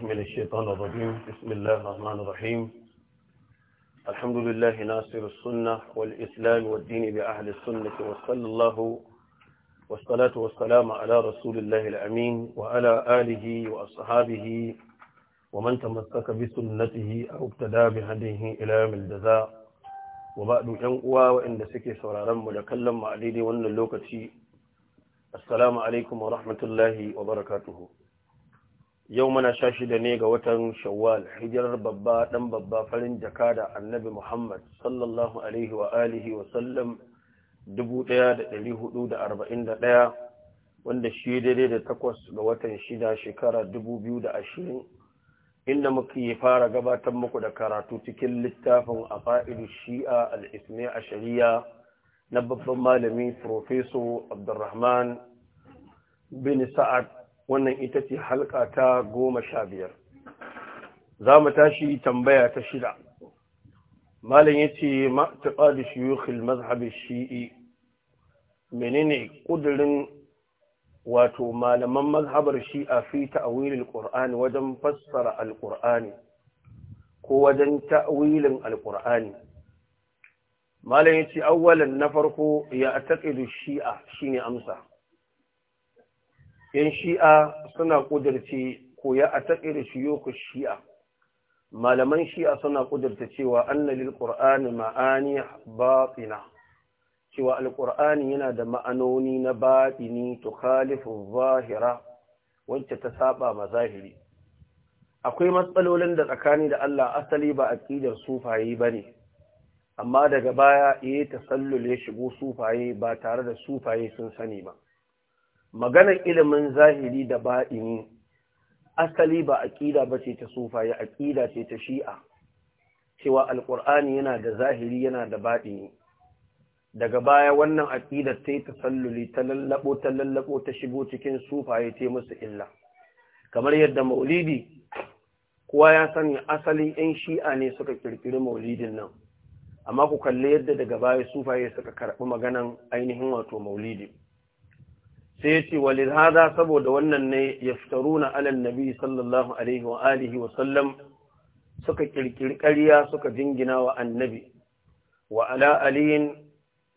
من الشيطان الرجيم بسم الله الرحمن الرحيم الحمد لله ناصر السنة والإسلام والدين بأهل السنة وصلى الله والصلاة والسلام على رسول الله الأمين وعلى آله وأصحابه ومن تمسك بسنته أو ابتدى بهديه إلى يوم الجزاء وبعد ينقوى وإن سكي سرارا مجكلا مع ليدي وأن اللوكتي السلام عليكم ورحمة الله وبركاته yau mana sha shida ne ga watan shawwal hijirar babba ɗan babba farin jaka da annabi muhammad sallallahu alaihi wa alihi wa sallam 1441 wanda shi daidai da takwas ga watan shida shekara 2020 inda muke fara gabatar muku da karatu cikin littafin a fa'idu shi'a al'ismi a shari'a na babban malami profeso abdurrahman bin sa'ad wannan ita ce halka ta goma sha biyar za mu tashi tambaya ta shida malin ya ce ma'atuƙa da shiyukhil mazhabin shi'i menene ƙudurin wato malaman mazhabar shi'a fi ta'awilin qur'ani wajen fassara Alƙur'ani ko wajen ta'awilin Alƙur'ani? malin ya ce awwalan na farko ya taƙidu shi'a shine amsa yan shi'a suna ko koya a taƙir ku shi'a malaman shi'a suna ƙudurta cewa annalil ƙur'ani ma'ani batina cewa alƙur'ani yana da ma'anoni na batini to khalifin zahira wacce ta saba ma zahiri akwai matsalolin da tsakani da Allah asali ba a ƙidar sufaye ba ne, amma daga baya yi eh, tasallul ya shigo sufaye ba tare da sufaye sun sani ba maganar ilimin zahiri da ba'ini asali ba aƙida ba ce ta sufaye aƙida ce ta shi'a cewa alƙur'ani yana da zahiri yana da ne. daga baya wannan aƙidar ta yi tasalluli ta lallaɓo ta lallaɓo ta shigo cikin sufaye ta musu illa kamar yadda maulidi kowa ya sani asalin 'yan shi'a ne suka ƙirƙiri maulidin nan amma ku kalli yadda daga baya sufaye suka karɓi maganan ainihin wato maulidi sai ce walil hada saboda wannan ne ya yaftaruna alal annabi sallallahu alaihi wa alihi wa sallam suka kirkiri ƙarya suka jingina wa annabi wa ala aliyin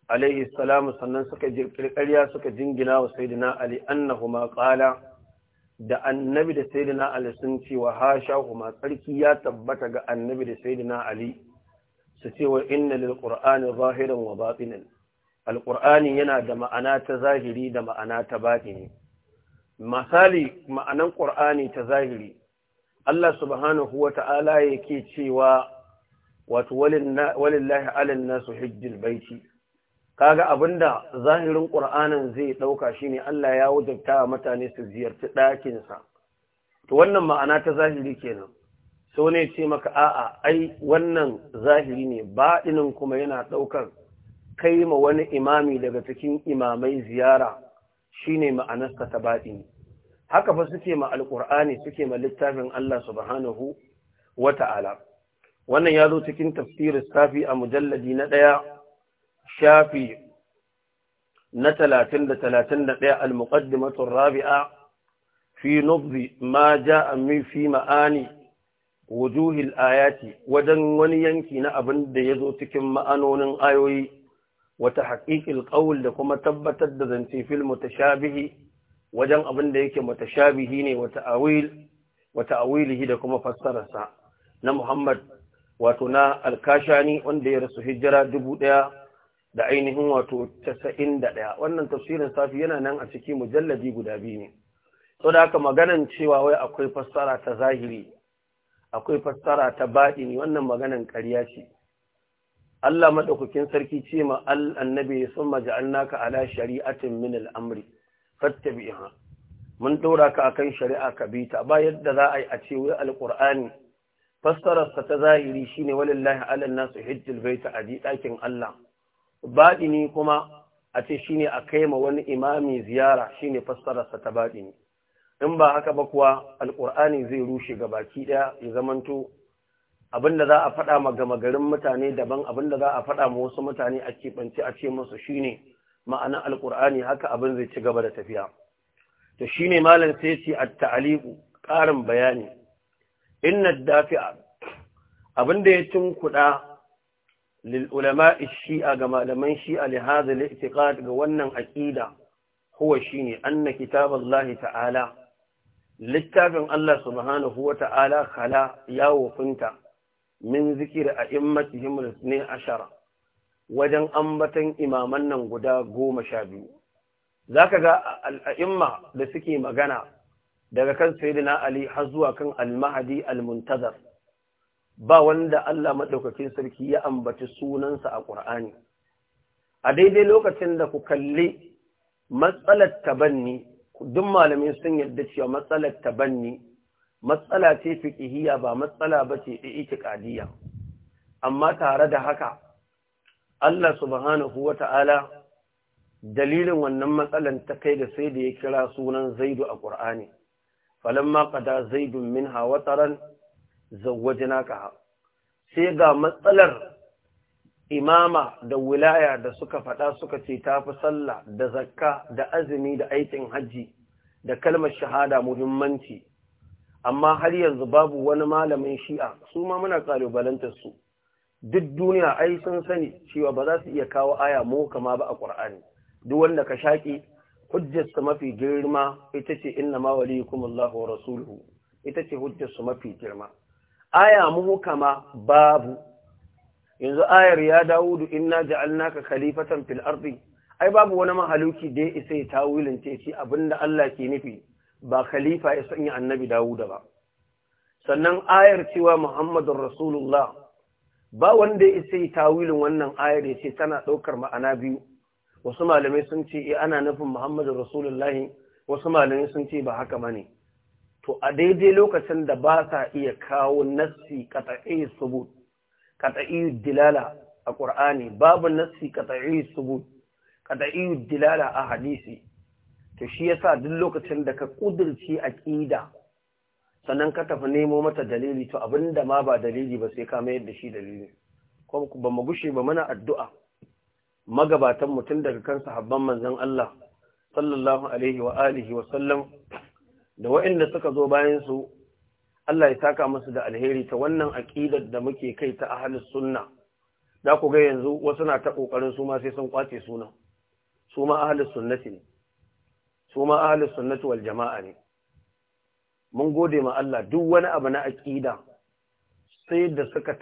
alaihi salamu sannan suka kirkiri ƙarya suka jingina wa sayyidina ali annahuma qala da annabi da sayyidina ali sun ce wa hasha huma tsarki ya tabbata ga annabi da sayyidina ali su ce wa inna lil qur'ani zahiran wa batinan alƙur'ani yana da ma'ana ta zahiri da ma'ana ta baɗini misali ma'anan ƙur'ani ta zahiri Allah subhanahu wa ta'ala yake cewa wato lahi alin nasu hijjil baiti kaga abinda zahirin ƙur'anin zai ɗauka shine Allah ya wajabta mutane su ziyarci ɗakinsa to wannan ma'ana ta zahiri kenan so ne ce maka a'a ai wannan zahiri ne baɗinin kuma yana ɗaukar kai ma wani imami daga cikin imamai ziyara shine ma'anarsa ta baɗi haka fa suke ma alƙur'ani suke ma littafin Allah subhanahu wa ta'ala wannan ya zo cikin tafsirin safi a mujalladi na ɗaya shafi na talatin da talatin da ɗaya almuqaddimatun rabi'a fi nubzi ma ja'a min fi ma'ani wujuhil ayati wajen wani yanki na abin da ya zo cikin ma'anonin ayoyi wata haƙiƙil ƙawul da kuma tabbatar da zance fil mutashabihi wajen abin da yake mutashabihi ne wata awil wata awilihi da kuma fassararsa na Muhammad wato na alkashani wanda ya rasu hijira dubu ɗaya da ainihin wato casa'in da ɗaya wannan tafsirin safi yana nan a ciki mujalladi guda biyu ne sau da haka maganan cewa wai akwai fassara ta zahiri akwai fassara ta baɗini wannan maganan ƙarya ce Allah maɗaukakin sarki ce ma annabi summa ja'alnaka ala shari'atin min al-amri fattabi'ha mun ɗora ka kan shari'a ka bi ta ba yadda za a yi a ce wai alqur'ani fassararsa ta zahiri shine walillahi ala nasu hajjul baita aji dakin Allah badini kuma a ce shine a kai ma wani imami ziyara shine ne fassararsa ta badini in ba haka ba kuwa Alkur'ani zai rushe gabaki ɗaya, ya zamanto abinda za a faɗa ma gama garin mutane daban abinda za a faɗa ma wasu mutane a keɓance a ce musu shine ma'anan alƙur'ani haka abin zai ci gaba da tafiya to shine malam sai ce a ta'aliku ƙarin bayani inna dafi'a abinda ya kuɗa lil ulama'i shi'a ga malaman shi'a li hadha al ga wannan aƙida huwa shine anna Lahi ta'ala littafin Allah subhanahu wa ta'ala khala ya wufinta min zikir a immatihim ne ashara wajen ambatan imaman nan guda goma sha biyu za ka ga al'a'imma da suke magana daga kan sayyidina ali har zuwa kan al-mahadi al-muntazar ba wanda Allah maɗaukakin sarki ya ambaci sunansa a ƙur'ani a daidai lokacin da ku kalli matsalar tabanni duk malamin sun yarda cewa matsalar tabanni matsala ce fiqhiyya ba matsala ba bace itiqadiyya amma tare da haka Allah subhanahu wata'ala dalilin wannan matsalan ta kai da sai da ya kira sunan Zaidu a Qur'ani falamma qada zaidun min hawa minha wataran zawwajnaka sai ga matsalar imama da wilaya da suka faɗa suka ce ta fi sallah da zakka da azumi da aikin hajji da kalmar shahada muhimmanci amma har yanzu babu wani malamin shi'a su ma muna kalubalantar su duk duniya ai sun sani cewa ba za su iya kawo aya mu kama ba a ƙur'ani. duk wanda ka shaki hujjar mafi girma ita ce inna ma waliyukum Allahu wa rasuluhu ita ce hujjar mafi girma aya mu kama babu yanzu ayar ya Dawudu inna ja'alnaka khalifatan fil ardi ai babu wani mahaluki da ya isa ya tawilin ce shi abinda Allah ke nufi ba khalifa ya sanya annabi Dawuda ba. Sannan ayar cewa Muhammadun Rasulullah ba wanda ya ce tawilin wannan ayar ya ce tana ɗaukar ma'ana biyu. Wasu malamai sun ce e ana nufin Muhammadun Rasulullahi wasu malamai sun ce ba haka ba ne. To a daidai lokacin da ba sa iya kawo nassi kata'i subut, kata'i dilala a Ƙur'ani, babu nassi kata'i subut, kata'i dilala a hadisi. to shi yasa duk lokacin da ka a aqida sannan ka tafi nemo mata dalili to abinda ma ba dalili ba sai ka mayar da shi dalili ko ba mu gushe ba muna addu'a magabatan mutum daga kan sahabban manzon Allah sallallahu alaihi wa alihi wa sallam da waɗanda suka zo bayan su Allah ya saka musu da alheri ta wannan aqidar da muke kai ta ahlus sunna da ku ga yanzu wasu na ta kokarin su ma sai sun kwace suna su ma ahlus sunnati ne su ma ahalin sunnatu wal jama'a ne mun gode ma Allah duk wani abu na aƙida sai da suka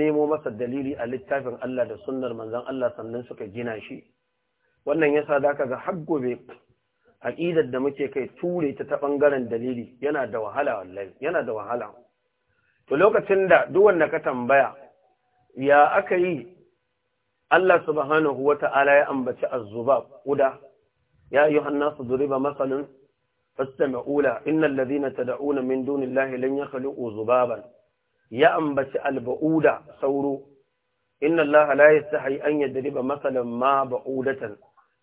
nemo masa dalili a littafin Allah da sunnar manzon Allah sannan suka gina shi wannan yasa da ka ga har gobe aqidar da muke kai ture ta ta bangaren dalili yana da wahala wallahi yana da wahala to lokacin da duk wanda ka tambaya ya aka yi Allah subhanahu wata'ala ya ambaci azzubab Uda? يا أيها الناس ضرب مثلا فاستمعوا له إن الذين تدعون من دون الله لن يخلقوا ذبابا يا أنبت البؤودة سورو إن الله لا يستحي أن يضرب مثلا ما بؤودة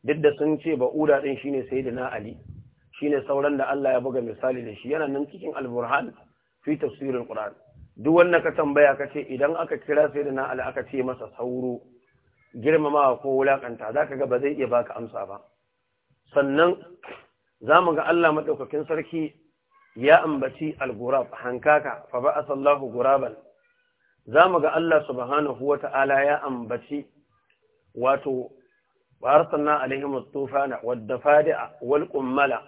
ضد سنتي بؤودة إن شيني سيدنا علي shine sauran da Allah ya buga misali da shi yana nan cikin al-burhan fi ƙuran. qur'an duk wanda ka tambaya ka ce idan aka kira sai da na aka ce masa sauro girmamawa ko wulakanta zaka ga ba zai iya baka amsa ba sannan za mu ga Allah maɗaukakin sarki ya ambaci al-gurab hankaka fa ba Sallahu guraban za mu ga Allah subhanahu wa ta'ala ya ambaci wato وأرسلنا عليهم fadi'a wal والقملة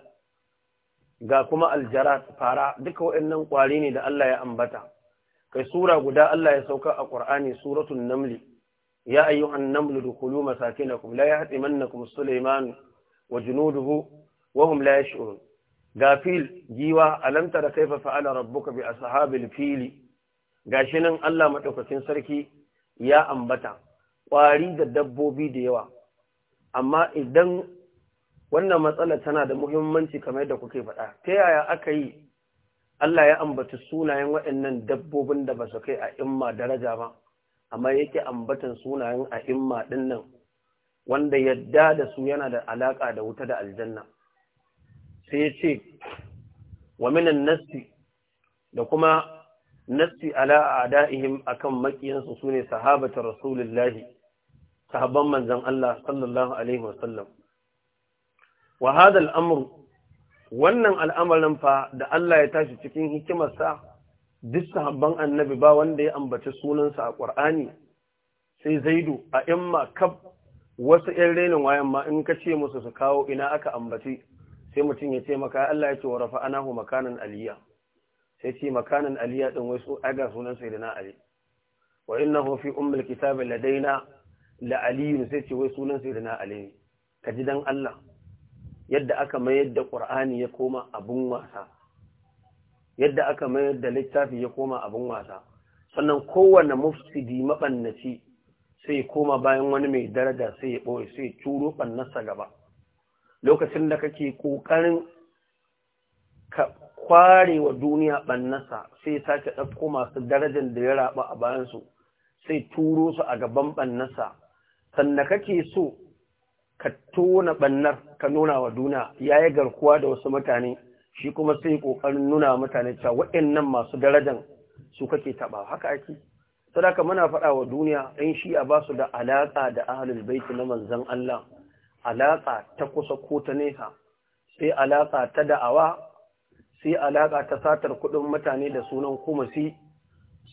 ga kuma aljarat fara duka waɗannan ƙwari ne da Allah ya ambata kai sura guda Allah ya sauka a Ƙur'ani suratun Namli. ya ayyuhan naml dukhulu masakinakum la yahtimannakum Suleimanu. wa junuduhu wa hum la yash'urun ga fil giwa alam tara kaifa fa'ala rabbuka bi ashabil fili gashi nan Allah madaukakin sarki ya ambata kwari da dabbobi da yawa amma idan wannan matsala tana da muhimmanci kamar yadda kuke faɗa ta yaya aka yi Allah ya ambaci sunayen waɗannan dabbobin da ba su kai a imma daraja ba amma yake ambatan sunayen a imma nan. wanda yadda da su yana da alaƙa da wuta da aljanna sai ya ce wa minan nassi da kuma nassi ala a'da'ihim akan makiyansu sune sahabatu rasulullahi sahabban manzan Allah sallallahu alaihi wasallam wa hada al'amr wannan al'amarin fa da Allah ya tashi cikin hikimarsa duk sahabban annabi ba wanda ya ambaci sunansa a ƙur'ani sai Zaidu a imma kab wasu ‘yan renin wayan ma in ka ce musu su kawo ina aka ambaci sai mutum ya ce maka Allah ya ce wa rafa anahu makanan aliyya sai ce makanan aliyya din wasu aga sunan sai da na ali wa innahu fi ummul kitabi ladaina la aliyun sai ce wai sunan sai da na ali ne ka ji dan Allah yadda aka mayar da qur'ani ya koma abun wasa yadda aka mayar da littafi ya koma abun wasa sannan kowanne mufsidi mabannaci sai koma bayan wani mai daraja sai ya ɓoye sai ya turo ɓannarsa gaba lokacin da kake ƙoƙarin ka kware wa duniya ɓannarsa sai ya sake ɗauko masu darajar da ya raɓa a bayansu sai turo su a gaban ɓannarsa sannan kake so ka tona ɓannar ka nuna wa duniya ya yi garkuwa da wasu mutane shi kuma sai ƙoƙarin nuna mutane cewa waɗannan masu darajar su kake taɓa haka ake sadaka muna faɗa wa duniya shi shi'a ba su da alaƙa da ahalul baiti na Manzan Allah alaƙa ta kusa ko ta nesa sai alaƙa ta da'awa sai alaƙa ta satar kuɗin mutane da sunan kumasi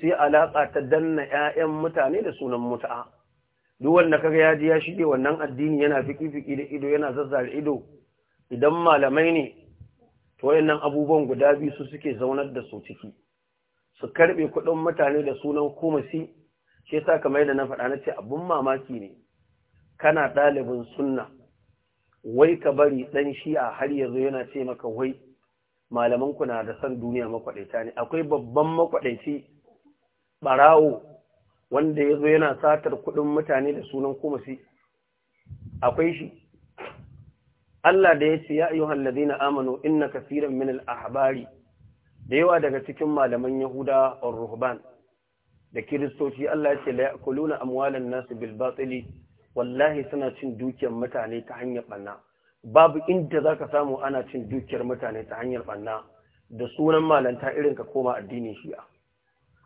sai alaƙa ta danna 'ya'yan mutane da sunan muta'a duk wanda kaga ya ji ya shige wannan addini yana fiki-fiki da ido yana zazzare ido idan malamai ne to wayannan abubuwan guda biyu su suke zaunar da su ciki su karbe kuɗin mutane da sunan kumasi shi yasa kamar yadda na faɗa na ce abun mamaki ne kana ɗalibin sunna wai ka bari ɗan shi'a har yanzu yana ce maka wai malaman ku na da san duniya makwaɗaita ne akwai babban makwaɗaici ɓarawo wanda ya zo yana satar kuɗin mutane da sunan kumasi akwai shi Allah da ya ce ya ayyuhal ladina amanu inna kaseeran min al ahbari da yawa daga cikin malaman yahuda or ruhban da kiristoci Allah ya ce la yakuluna amwalan nas bil batili wallahi suna cin dukiyar mutane ta hanyar banna babu inda zaka samu ana cin dukiyar mutane ta hanyar banna da sunan malanta irin ka koma addini shi'a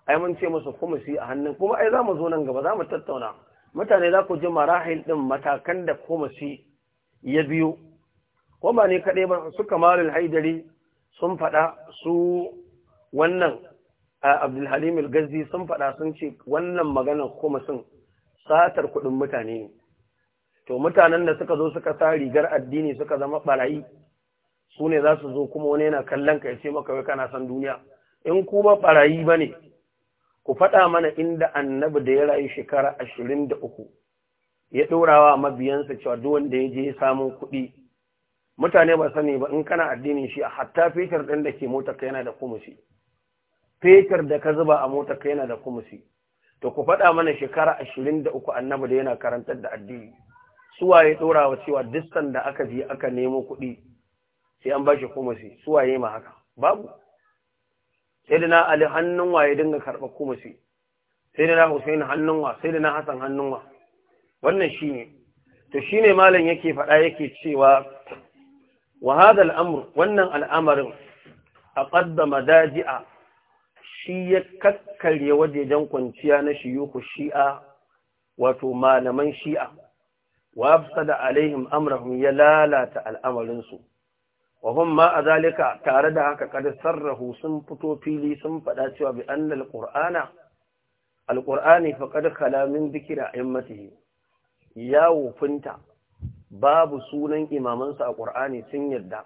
ai mun ce masa kuma shi a hannun kuma ai za zo nan gaba zamu tattauna mutane za ku ji marahil din matakan da kuma shi ya biyo kuma ne kaɗai ba su kamalul haidari sun faɗa su wannan abdulhalim al-gazi sun faɗa sun ce wannan maganar sun satar kuɗin mutane ne to mutanen da suka zo suka sa rigar addini suka zama ɓarayi su ne za su zo kuma wani yana kallon ka ya ce maka wai kana san duniya in kuma ɓarayi ba ne ku faɗa mana inda annabi da ya rayu shekara ashirin da uku ya wa mabiyansa cewa duk wanda ya je ya samu kuɗi mutane ba sani ba in kana addinin shi hatta fetur ɗin da ke motarka yana da kumusi fetur da ka zuba a motarka yana da kumusi to ku faɗa mana shekara ashirin da uku annabi da yana karantar da addini ya ɗora wa cewa distan da aka je aka nemo kuɗi sai an ba shi kumusi yi ma haka babu sai da na ali hannun waye dinga karɓar kumusi sai da na husaini hannun wa sai da na hasan hannun wa wannan shine to shine malam yake faɗa yake cewa wa hada al'amur wannan al'amarin a ƙaddama daji'a shi ya kakkarye wajejen kwanciya na shiyuku shi'a wato malaman shi'a wa da alaihim amrahum ya lalata al'amarinsu wa hun ma a zalika tare da haka kada sarrahu sun fito fili sun faɗa cewa bi an al'ur'ana al'ur'ani kalamin zikira a yammatihi ya wufinta babu sunan imamansu a ƙur'ani sun yadda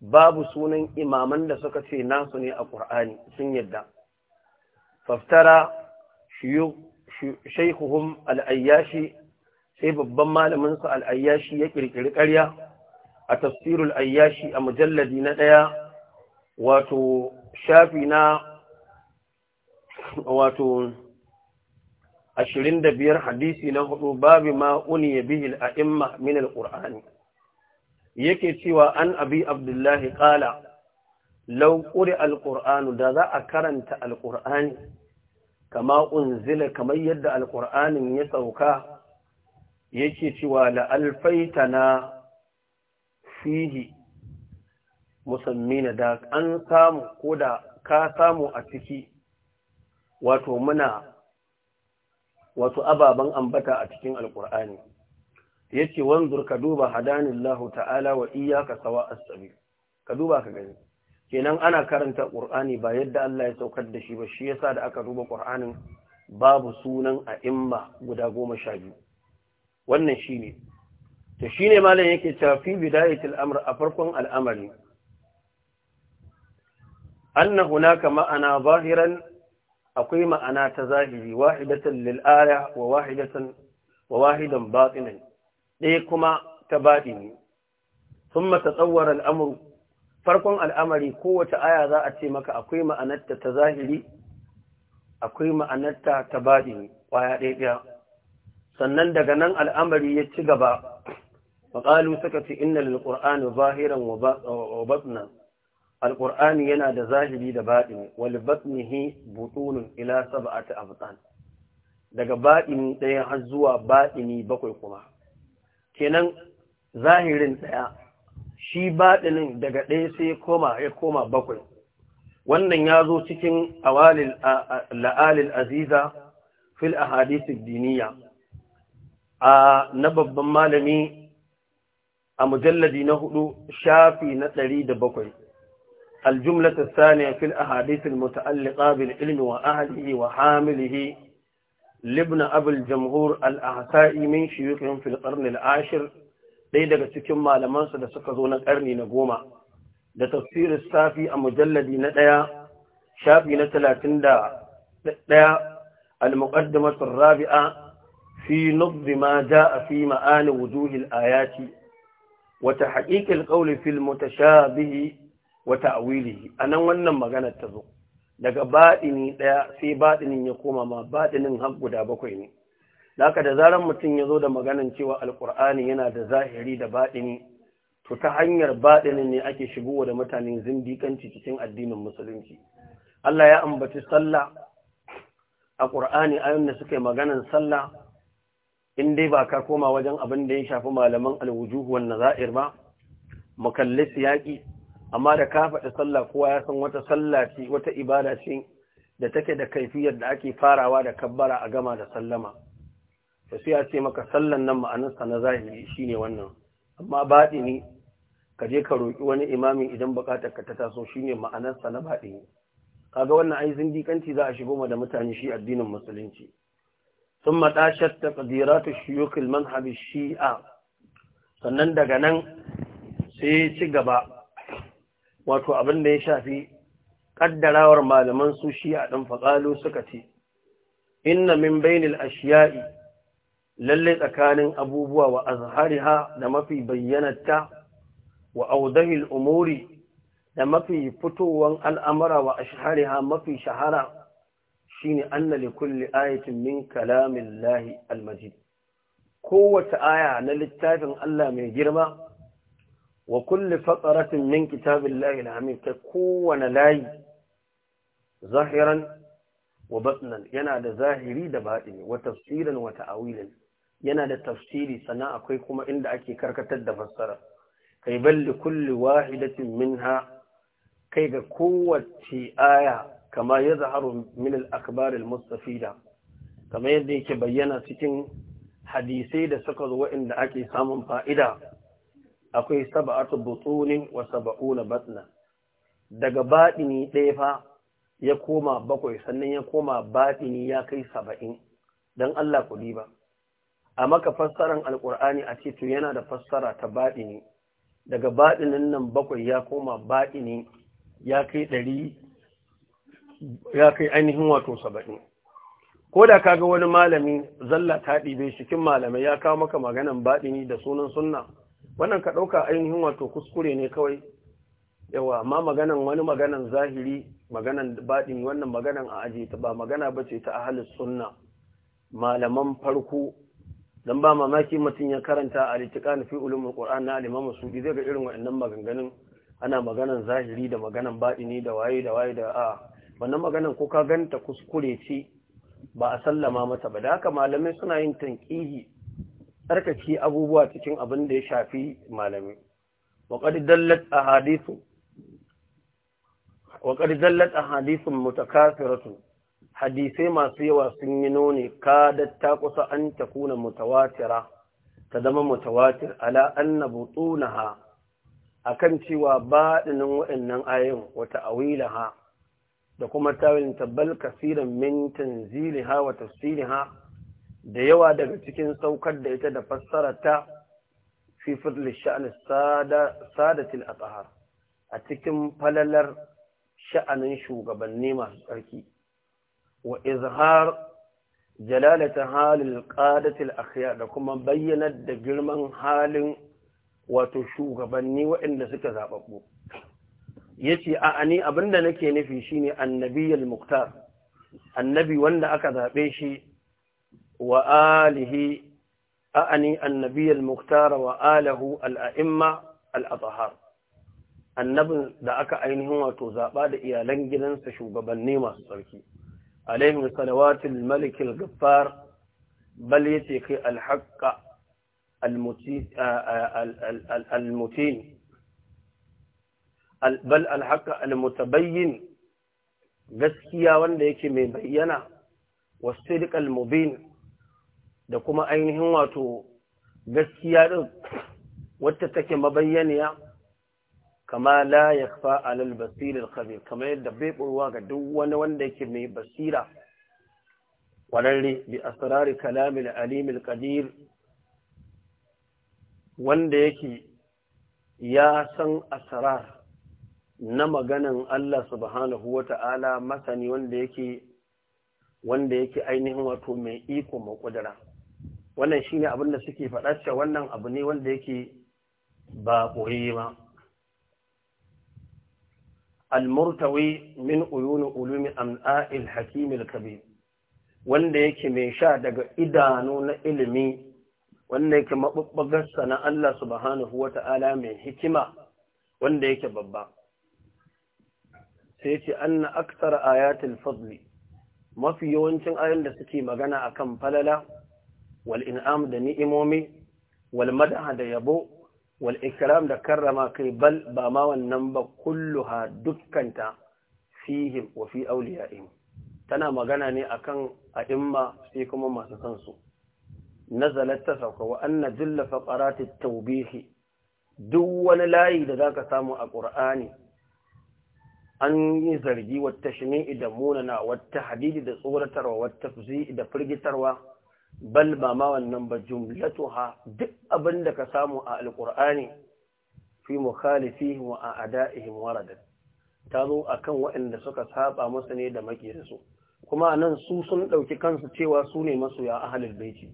babu sunan imaman da suka ce nasu ne a ƙur'ani sun yadda faftara shaikuhum al'ayyashi sai babban malaminsu al'ayyashi ya ƙirƙiri ƙarya a tafsirul ayyashi a mujalladi na ɗaya wato shafi na wato ashirin da biyar hadisi na hudu babu ma uniya bihil a'imma min alqur'ani yake cewa an abi abdullahi ƙala lauƙuri quri alqur'anu da za a karanta alqur'ani kama unzila kamar yadda alqur'anin ya sauka yake cewa la alfaitana fihi musammina da an samu ko da ka samu a ciki wato muna wasu ababen ambata a cikin alkur'ani yace wanzur ka duba hadanillahu ta'ala wa iyyaka sawa as-sabil ka duba ka gani kenan ana karanta ƙur'ani ba yadda Allah ya saukar da shi ba shi yasa da aka duba ƙur'anin babu sunan a imma guda goma sha biyu. wannan shine to shine malam yake cewa fi bidayatil amr a farkon al'amari anna hunaka ma'ana zahiran akwai ma'ana ta zahiri wahidatan lil wa wahidatan wa wahidan batinan ɗaya kuma ta batini sun tatawwara al-amru farkon al'amari kowace aya za a ce maka akwai ma'anarta ta zahiri akwai ma'anarta ta batini ƙwaya ɗaya sannan daga nan al'amari ya ci gaba faƙalu suka ce inna lil qur'ani zahiran wa batnan alƙur'ani yana da zahiri da baɗini wal batnihi butunun ila sab'ati abtan daga baɗini ɗaya har zuwa baɗini bakwai kuma kenan zahirin ɗaya shi baɗinin daga ɗaya sai koma ya koma bakwai wannan ya zo cikin la'alil aziza fil ahadithid diniya a na babban malami a mujalladi na hudu shafi na ɗari da bakwai الجملة الثانية في الأحاديث المتعلقة بالعلم وأهله وحامله لابن أبو الجمهور الأعتائي من شيوخهم في القرن العاشر ليدا تكما لما سد سكزون القرن نقوما لتفسير السافي المجلد ندايا شافي نتلا تندا المقدمة الرابعة في نبض ما جاء في معاني وجوه الآيات وتحقيق القول في المتشابه wa ta'wilihi anan wannan maganar ta zo daga baɗini ɗaya sai baɗinin ya koma ma baɗinin har guda bakwai ne aka da zarar mutum ya zo da maganar cewa alkur'ani yana da zahiri da baɗini to ta hanyar baɗinin ne ake shigowa da mutane zindikanci cikin addinin musulunci Allah ya ambaci sallah a ƙur'ani da suka yi maganar sallah in dai ba ka koma wajen abin da ya shafi malaman alwujuhu wannan ba mu kalli amma da ka faɗi sallah kowa ya san wata sallah ce wata ibada ce da take da kaifiyar da ake farawa da kabbara a gama da sallama to sai ya ce maka sallan nan ma'anarsa na zahiri shine wannan amma baɗi ne ka je ka roƙi wani imamin idan buƙatar ka ta taso shine ma'anarsa na baɗi ne kaga wannan ai zindiƙanci za a shigo ma da mutane shi addinin musulunci Sun ثم تاشت تقديرات الشيوخ المذهب shi'a. sannan daga nan sai ci gaba wato abin da ya shafi ƙaddarawar malaman su shi a ɗan faƙalo suka ce, Inna min bainil ashiya'i lalle tsakanin abubuwa wa azhariha da mafi bayyanarta wa audahil umuri da mafi fitowan al'amara wa mafi shahara shi ne an nali kulle ayatin min kalamin lahi almajid. Kowace aya na littafin Allah mai girma wa kulle fatsaratin min kitabillahi alhamid ta kowane layi zahiran wa batnan yana da zahiri da baɗi, wa tafsirin wa ta'awilin yana da tafsiri sannan akwai kuma inda ake karkatar da fassara kai balli kulli wahidatin minha kai ga kowace aya kama ya zaharu min al mustafida kamar yadda yake bayyana cikin hadisai da suka zo waɗanda ake samun fa'ida akwai saba'atu butunin wa saba'una batna daga batini ɗaya fa ya koma bakwai sannan ya koma batini ya kai saba'in don Allah ku ba a maka fassaran Alƙur'ani, a ce yana da fassara ta batini daga batinin nan bakwai ya koma batini ya kai ɗari ya kai ainihin wato saba'in ko da kaga wani malami zalla ta ɗibe cikin malamai ya kawo maka maganan baɗini da sunan sunna wannan ka ɗauka ainihin wato kuskure ne kawai yawa amma maganan wani maganan zahiri maganan baɗin wannan maganan a aji ta ba magana ba ce ta ahalus sunna malaman farko dan ba mamaki mutum ya karanta a na fi ulumul qur'an na al-imam zai ga irin waɗannan maganganun ana maganan zahiri da maganan baɗini da waye da waye da a wannan maganan ko ka ganta kuskure ce ba a sallama mata ba da haka malamai suna yin tanƙihi tsarkake abubuwa cikin abin da ya shafi malami waƙar dallat a hadisun hadisai masu yawa sun yi nuni kadat ta kusa an ta kuna mutawatira ta zama mutawatir ala anna butunaha akan cewa baɗinin waɗannan ayin wata ha. da kuma tawilin tabbal kasiran min ziliha wa ha. da yawa daga cikin saukar da ita da fassararta fi fadli sha'anin a atahar a cikin falalar sha'anin shugabanni masu tsarki wa izhar jalalata halin ƙadatil akhyar da kuma bayyanar da girman halin wato shugabanni waɗanda suka zababbu yace a ani abinda nake nufi shine annabiyyal muktar annabi wanda aka zaɓe shi وآله أعني النبي المختار وآله الأئمة الأطهار النبي دعك أينه وتزابد إلى لنجل سشوب بنيمة سركي عليه من صلوات الملك الغفار بل يتقي الحق آه، آه، المتين بل الحق المتبين بس كيا وان ليك مبينا والصدق المبين da kuma ainihin wato gaskiya ɗin wacce take mabayyaniya kama la ya fa alal basirin khabir kama yadda bai ɓurwa ga duk wani wanda yake mai basira ƙwararre bi asirari kalamil alimil qadir wanda yake ya san asrar na maganan Allah subhanahu Wata'ala masani wanda yake wanda ainihin wato mai iko maƙudura. wannan ne abin da suke faɗa cewa wannan abu ne wanda yake ba ɓoye ba al min uyun ulumi am'a'il hakim al-kabir wanda yake mai sha daga idanu na ilimi wanda yake mabubbagarsa na Allah subhanahu ta'ala mai hikima wanda yake babba sai yace anna aktsara ayatil fadli mafi yawancin ayoyin da suke magana akan falala wal in'am da ni'imomi Walmadaha da yabo wal ikram da karrama kai bal ba ma wannan ba ha dukkanta fihim wa fi awliya'ihim tana magana ne a kan a'imma sai kuma masu kansu su nazalat ta sauka wa anna jilla faqarati tawbihi duk wani layi da zaka samu a Ƙur'ani an yi zargi wata shine da munana wata hadidi da tsoratarwa wata fuzi da firgitarwa bal ba ma wannan ba jumlatuha duk abin da ka samu a alqur'ani fi mukhalifihi wa a'da'ihim warada ta zo akan waɗanda suka saba masa ne da makiyansu kuma nan su sun dauki kansu cewa su ne masoya ahlul baiti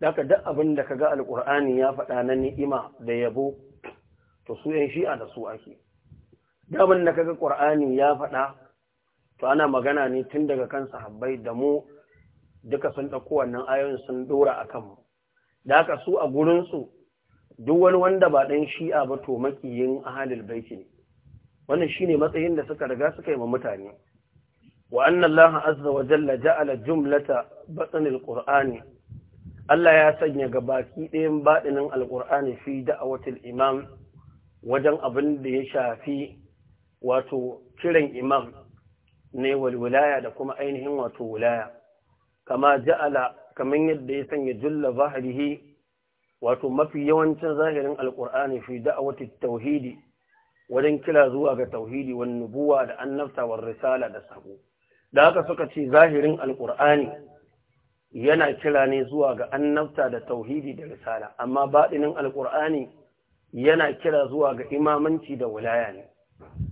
daga duk abin da kaga alqur'ani ya faɗa na ni'ima da yabo to su yan shi'a da su ake daban da kaga qur'ani ya faɗa to ana magana ne tun daga kan sahabbai da mu duka sun ɗauko wannan ayoyin sun ɗora a kanmu da haka su a gurinsu duk wani wanda ba ɗan shi'a ba to makiyin ahalil baiti ne wannan shine matsayin da suka riga suka yi ma mutane wa laha Allah azza wa jalla ja'ala jumlata batnil qur'ani Allah ya sanya ga baki ɗayan baɗinin alƙur'ani fi da'awatil imam wajen abin da ya shafi wato kiran imam ne walwilaya da kuma ainihin wato wilaya kama ja'ala kaman yadda ya sanya julla zahirihi wato mafi yawancin zahirin alkur'ani fi da'awati tauhidi wajen kira zuwa ga tauhidi wan nubuwa da annabta war risala da sako da haka suka ce zahirin alkur'ani yana kira ne zuwa ga annabta da tauhidi da risala amma baɗinin alkur'ani yana kira zuwa ga imamanci da wilaya ne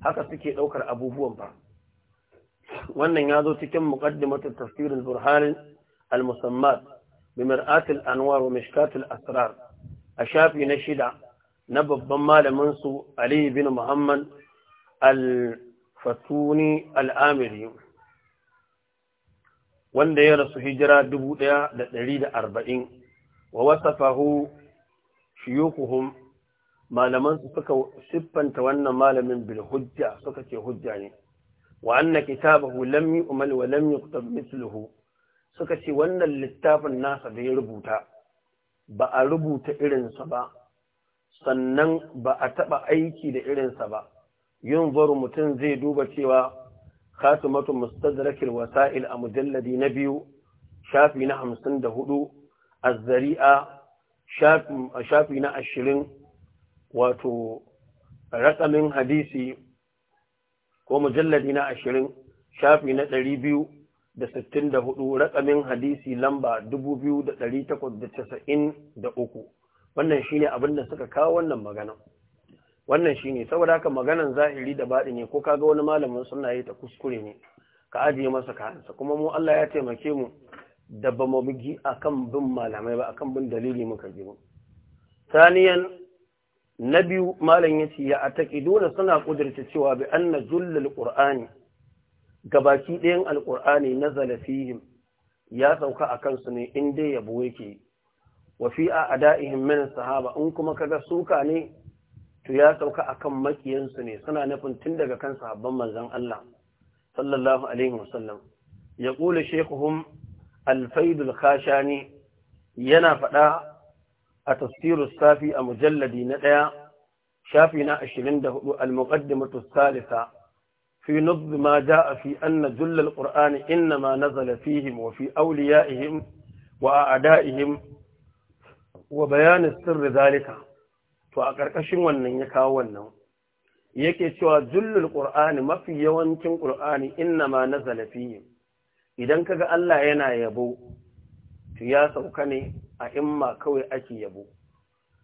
haka suke ɗaukar abubuwan ba wannan ya zo cikin muqaddimatu tafsir al-burhan al-musammat bi mir'at al-anwar wa mishkat al-asrar a shafi na shida na babban malamin su Ali bin Muhammad al-Fatuni al-Amiri wanda ya rasu hijira 1140 wa wasafahu shuyukuhum malaman su suka siffanta wannan malamin bil hujja suka ce hujja ne wa anna kitabahu lam yu'mal wa lam yuktab mithluhu suka ce wannan littafin nasa da ya rubuta ba a rubuta irinsa ba sannan ba a taɓa aiki da irinsa ba yin zaru mutum zai duba cewa khatimatu mustadrakil wasa'il a mujalladi na biyu shafi na hamsin da hudu shafi na ashirin wato raƙamin hadisi ko mujalladi na ashirin shafi na ɗari biyu da sittin da hudu raƙamin hadisi lamba dubu biyu da ɗari takwas da casa'in da uku wannan shine abin da suka kawo wannan magana wannan shine saboda haka maganan zahiri da baɗi ne ko kaga wani malamin suna yi ta kuskure ne ka ajiye masa kayansa kuma mu Allah ya taimake mu da ba mu bugi akan bin malamai ba akan bin dalili muka ji mu saniyan na biyu malam ya ce ya a taƙiduna suna ƙudurta cewa bi an na zullul ƙur'ani gabaki ɗayan alƙur'ani na zalafihim ya sauka a kansu ne in dai yabo yake wa fi a ada'ihim min sahaba in kuma kaga suka ne to ya sauka akan makiyansu ne suna nufin tun daga kan sahabban manzon Allah sallallahu alaihi sallam. ya ƙula shekuhum alfaidul khashani yana faɗa a tafsirus safi a mujalladi na ɗaya shafi na ashirin da hudu almuqaddimatu salisa fi nubbi ma a fi anna jullal qur'ani ma nazala fihim wa fi awliyaihim wa a'daihim wa bayan sirri zalika to a ƙarƙashin wannan ya kawo wannan yake cewa jullul qur'ani mafi yawancin qur'ani innama nazala fihim idan kaga Allah yana yabo to ya sauka ne a imma kawai ake yabo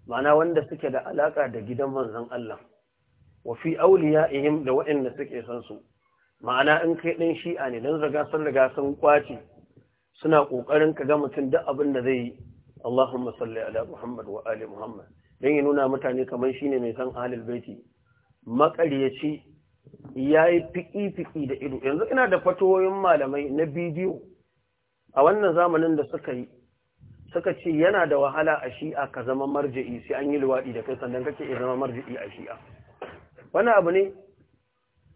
ma'ana wanda suke da alaka da gidan manzon Allah wa fi ihim da waɗanda suke san su ma'ana in kai ɗin shi'a ne dan zaga sun riga sun kwace suna ƙoƙarin ka ga mutum duk abin da zai yi Allahumma salli ala Muhammad wa ali Muhammad don ya nuna mutane kaman shine mai san ahlul baiti makariyaci yayi fiki fiki da ido yanzu ina da fatoyoyin malamai na bidiyo a wannan zamanin da suka yi suka ce yana da wahala a shi'a ka zama marji'i sai an yi luwaɗi da kai sannan kake iya zama marji'i a shi'a wani abu ne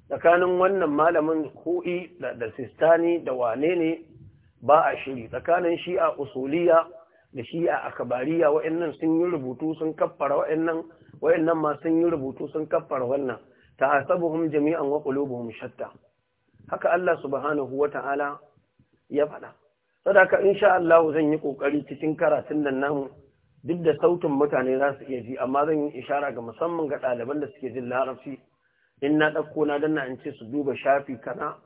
tsakanin wannan malamin ko'i da sistani da wane ne ba a shiri tsakanin shi'a usuliya da shi'a akabariya wa'annan sun yi rubutu sun kaffara wa'annan wa'annan ma sun yi rubutu sun kaffara wannan tahasabuhum jami'an wa qulubuhum shatta haka Allah subhanahu wata'ala ya faɗa sadaka insha Allah zan yi kokari cikin karatun nan namu duk da sautin mutane za su iya ji amma zan yi ishara ga musamman ga ɗaliban da suke jin larabci in na ɗauko na danna in ce su duba shafi kana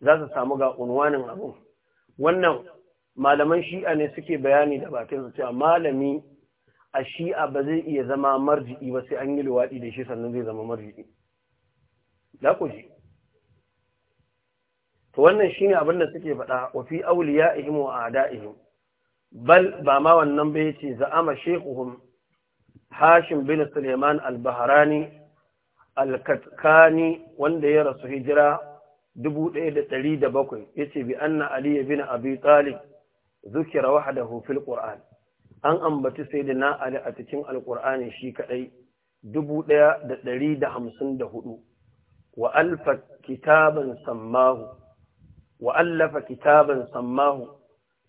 za su samu ga unwanin abu. wannan malaman shi'a ne suke bayani da bakin su cewa malami a shi'a ba zai iya zama marji'i ba sai an yi luwaɗi da shi sannan zai zama marji'i da ku ji to wannan shine abin da suke faɗa wa fi awliyaihim wa a'daihim bal ba ma wannan ba yace za'ama shaykhuhum Hashim bin Suleiman al-Bahrani al-Katkani wanda ya rasu hijira 1700 yace bi anna Ali bin Abi Talib zukira wahdahu fil Qur'an an ambaci sayyidina Ali a cikin al-Qur'ani shi kadai 1154 wa alfa kitaban sammahu wa allafa kitaban sammahu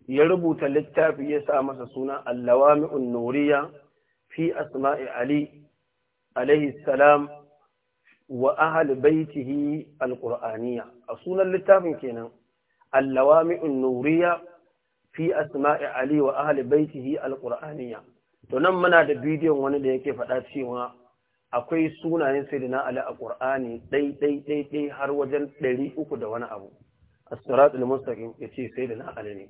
ya rubuta littafi ya sa masa suna allawami'un nuriya fi asma'i ali alaihi salam wa ahal baitihi alqur'aniya a sunan littafin kenan allawami'un nuriya fi asma'i ali wa ahal baitihi alqur'aniya to nan muna da bidiyon wani da yake faɗa cewa akwai sunayen sayyidina ali a qur'ani dai har wajen uku da wani abu الصراط المستقيم يتي سيدنا علي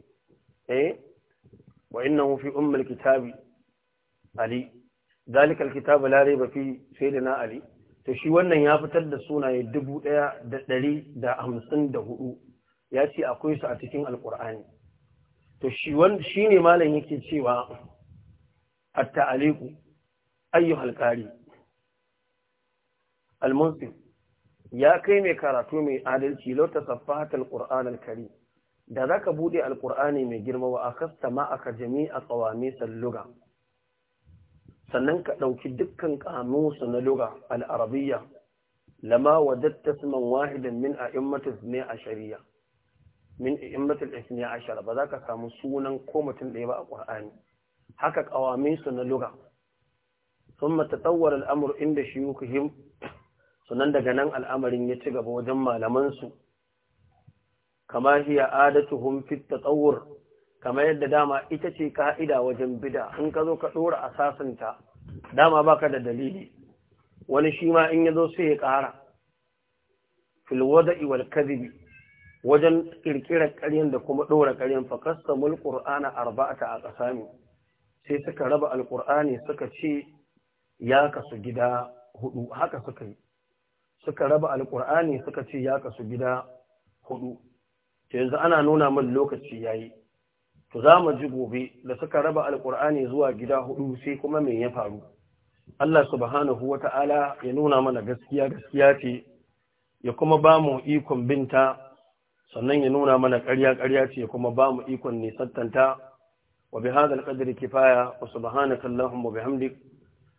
ايه وانه في ام الكتاب علي ذلك الكتاب لا ريب فيه سيدنا علي to shi wannan ya fitar da sunaye dubu ɗaya da ɗari da hamsin da hudu ya ce akwai su a cikin alkur'ani to shi ne malam yake cewa hatta ayyuhal ayyu al-muslim ya kai mai karatu mai adalci lau ta saffahata alquran alkarim da zaka buɗe Alƙur'ani mai girma wa ta ma aka jami'a qawami salluga sannan ka ɗauki dukkan kamusu na luga al-arabiyya lama wadatta isman wahidan min a'immatu ne a shari'a min a'immatul ba za ka samu sunan ko mutum ɗaya ba a ƙur'ani haka ƙawamin su na luga thumma mata al al'amur inda yi. Sunan daga nan al'amarin ya ci gaba wajen malamansu kama hiya adatuhum fit tatawur kama yadda dama ita ce ka'ida wajen bida in ka zo ka dora sasanta, dama baka da dalili wani shi ma in ya zo sai ya ƙara fil wada'i wal kadhibi wajen ƙirƙirar ƙaryan da kuma ɗora ƙaryan fa mul qur'ana arba'ata a qasami sai suka raba alqur'ani suka ce ya kasu gida huɗu, haka suka yi suka raba alkur'ani suka ce ya kasu gida hudu yanzu ana nuna min lokaci yayi to za mu ji gobe da suka raba alkur'ani zuwa gida hudu sai kuma me ya faru Allah subhanahu wata'ala ya nuna mana gaskiya gaskiya ce ya kuma bamu ikon binta sannan ya nuna mana ƙarya ƙarya ce ya kuma bamu ikon nisantanta wa bi hadha kifaya wa subhanaka allahumma bihamdika